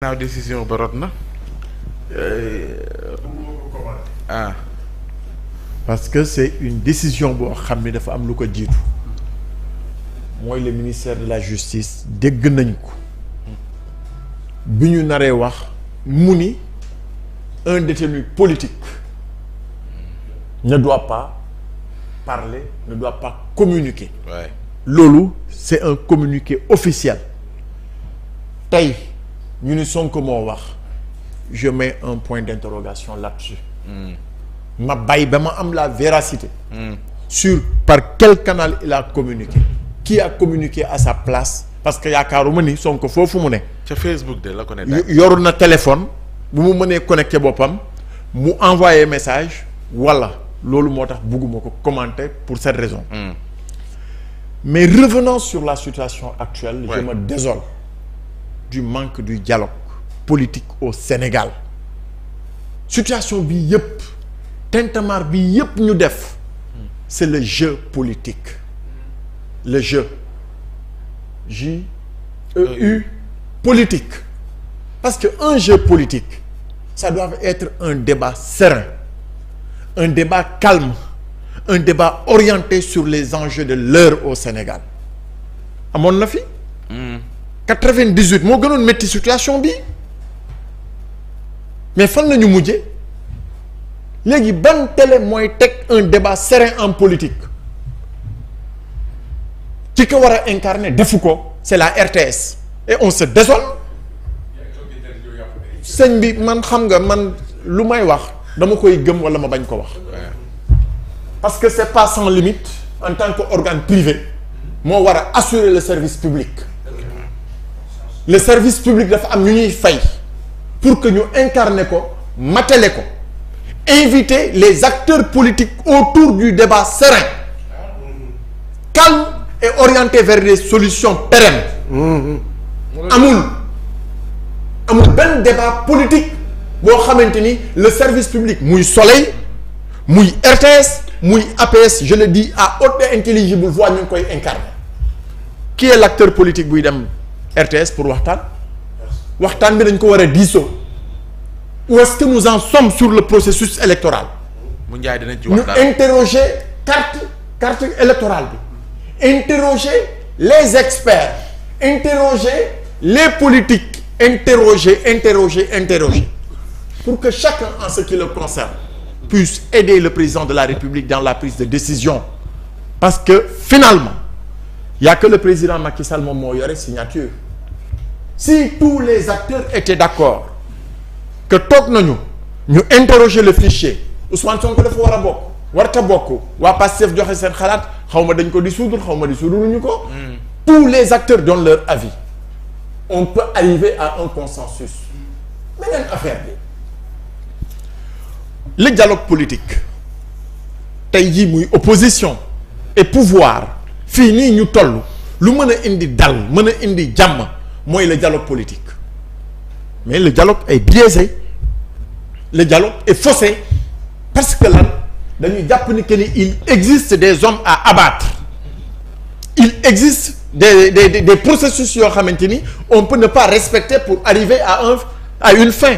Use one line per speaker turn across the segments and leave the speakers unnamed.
naaw décision ba rot na. Euh, ah. parce que c'est une décision boo xam ne dafa am lu ko jiitu. mooy le ministère de la justice dégg nañ ko. bu ñu naree wax mu ni un détenu politique ne doit pas parle ne doit pas communiquer. Ouais. loolu c'est un communiqué officiel ñu ni sonk moo wax je mets un point d'interrogation la dessus hmm. ma bàyyi ba ma am la véracité hmm. sur par quel canal il a communiqué qui a communiqué à sa place parce que ma ni Sonko foofu mu ne ca Facebook de la ko ne yoru na téléphone bu mu mënee connecté boppam mu envoyé message wala loolu moo tax bugguma ko commenter pour cette raison mm. mais revenons sur la situation actuelle ouais. je me désole du manque du dialogue politique au Sénégal situation bi yëpp tintamarre bi yëpp ñu def c'est le jeu politique le jeu J E politique parce que un jeu politique ça doit être un débat serein un débat calme un débat orienté sur les enjeux de l'heure au Sénégal amoon na fi hmm. 98 moo gënoon métti situation bi mais fan la ñu mujjee léegi ban télé mooy teg un débat serein en politique ki ko war a incarner defu ko c'est la RTS et on se désole sëñ bi man xam nga man lu may wax dama koy gëm walla ma bañ ko wax parce que c'est pas sans limite en tant qu'organe privé moo war a assurer le service public le service public dafa am ñu ñuy fay pour que ñu incarner ko matale ko inviter les acteurs politiques autour du débat serein calme et orienté vers des solutions pérennes mm-hmm. amul amul benn débat politique boo xamante ni le service public muy soleil muy RTS muy APS je le dis à haute et intelligible voix ñu ngi koy incarner qui est l'acteur politique buy dem RTS pour waxtaan waxtaan bi dañ ko war a diisoo où est-ce que nous en sommes sur le processus électoral mu njaay dinañ ci waxtaan ñu interroger carte carte électorale bi interroger les experts interroger les politiques interroger interroger interroger pour que chacun en ce qui le concerne puisse aider le président de la République dans la prise de décision parce que finalement il y que le président Macky Sall moom moo yore signature si tous les acteurs étaient d'accord que toog nañu ñu interroger le fichier Ousmane Sonko dafa war a bokk warta bokk waa Pastef joxe seen xalaat xaw ma dañ ko dissoudre xaw ma dissoudre ñu ko hmm. tous les acteurs donnent leur avis on peut arriver à un consensus beneen affaire bi le dialogue politique tey jii muy opposition et pouvoir fii nii ñu toll lu mën a indi dal mën a indi jàmm mooy le dialogue politique mais le dialogue est biaisé le dialogue est faussé parce que lan dañuy jàpp ni que ni il existe des hommes à abattre il existe des des des, processus yoo xamante ni on peut ne pas respecter pour arriver à un à une fin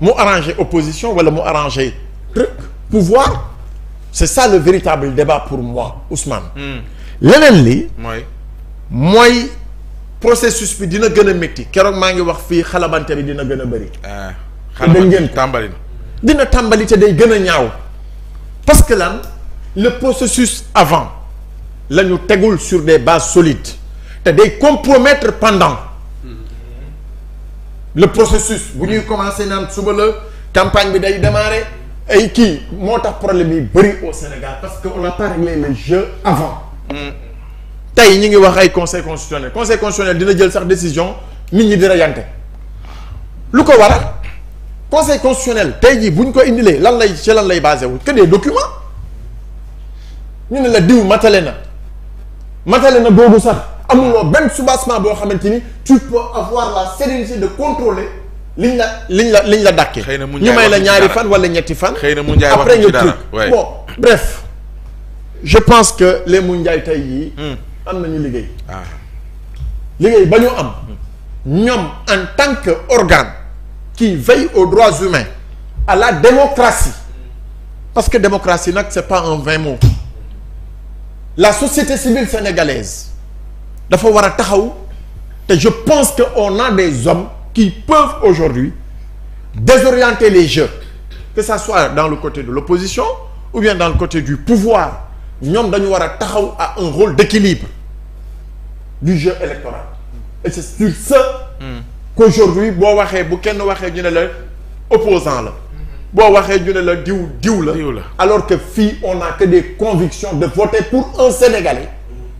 mu arranger opposition wala mu arranger truc pouvoir c'est ça le véritable débat pour moi Ousmane. Hmm. leneen li. mooy. processus bi dina gën a métti keroog maa ngi wax fii xalabante bi dina gën a bëri. Ah, ngeen tàmbali dina tàmbali te day gën a ñaaw parce que lan le processus avant la ñu tegul sur des bases solides te day compromettre pendant le processus bu ñuy commencé naan suba la campagne bi day démarrer ay kii moo tax problème yi bëri au Sénégal parce que on n'a pas réglé le jeu avant. Mm. tey ñu ngi wax ay conseil constitutionnel conseil constitutionnel dina jël sax décision nit ñi di reyante lu ko waral conseil constitutionnel tey jii bu ñu ko indilee lan lay ci lan lay basé wu que des documents ñu ne la diw matale na matale na boobu sax amuloo benn soubassement boo xamante ni tu peux avoir la sérénité de contrôler liñ la liñ la liñ la dàkkee. ñu may la ñaari fan wala ñetti fan. xëy na mu njaay après nga truc bon bref je pense que les Moundiaye tey jii. Hmm. am nañu liggéey. Ah. liggéey ba ñu am. ñoom en tant que organe qui veille aux droits humains à la démocratie parce que démocratie nag c'est pas un vain mot la société civile sénégalaise dafa war a taxaw te je pense que on a des hommes qui peuvent aujourd'hui désorienter les jeux que ça soit dans le côté de l'opposition ou bien dans le côté du pouvoir ñoom dañu war a taxaw à un rôle d'équilibre du jeu électoral et c'est sur ce qu'aujourd'hui boo waxee bu kenn waxee ñu ne la opposant la boo waxee ñu la diw diw la alors que fii on n'a que des convictions de voter pour un Sénégalais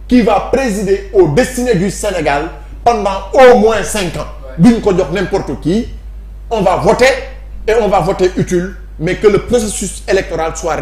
qui va présider aux destinées du Sénégal pendant au moins cinq ans duñ ko jox n'importe qui on va voter et on va voter utile mais que le processus électoral soit